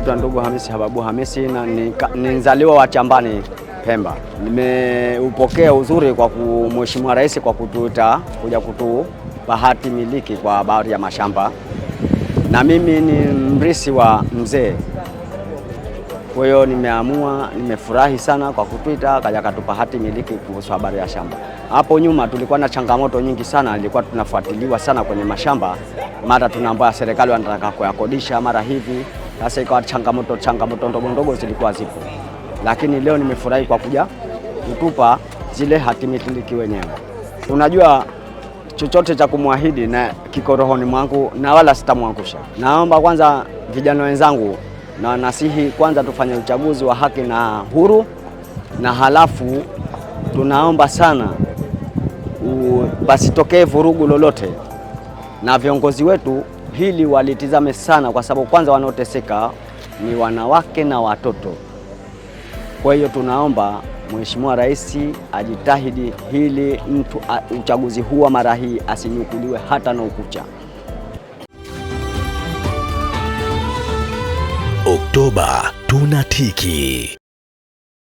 Naitwa ndugu Hamisi Hababu Hamisi na ni, nzaliwa mzaliwa wa Chambani Pemba. Nimeupokea uzuri kwa Mheshimiwa Rais kwa kutuita kuja kutu bahati miliki kwa habari ya mashamba, na mimi ni mrisi wa mzee, kwa hiyo nimeamua, nimefurahi sana kwa kutuita kaja katupa hati miliki kuhusu habari ya shamba. Hapo nyuma tulikuwa na changamoto nyingi sana, ilikuwa tunafuatiliwa sana kwenye mashamba, mara tunaambia serikali wanataka kuyakodisha, mara hivi sasa ikawa changamoto changamoto ndogo ndogo zilikuwa zipo, lakini leo nimefurahi kwa kuja kutupa zile hatimiliki wenyewe. Unajua, chochote cha kumwahidi na kiko rohoni mwangu na wala sitamwangusha. Naomba kwanza vijana wenzangu na nasihi kwanza, tufanye uchaguzi wa haki na huru, na halafu tunaomba sana pasitokee vurugu lolote na viongozi wetu hili walitizame sana, kwa sababu kwanza wanaoteseka ni wanawake na watoto. Kwa hiyo tunaomba Mheshimiwa Rais ajitahidi hili mtu uchaguzi huu wa mara hii asinyukuliwe hata na ukucha. Oktoba tunatiki.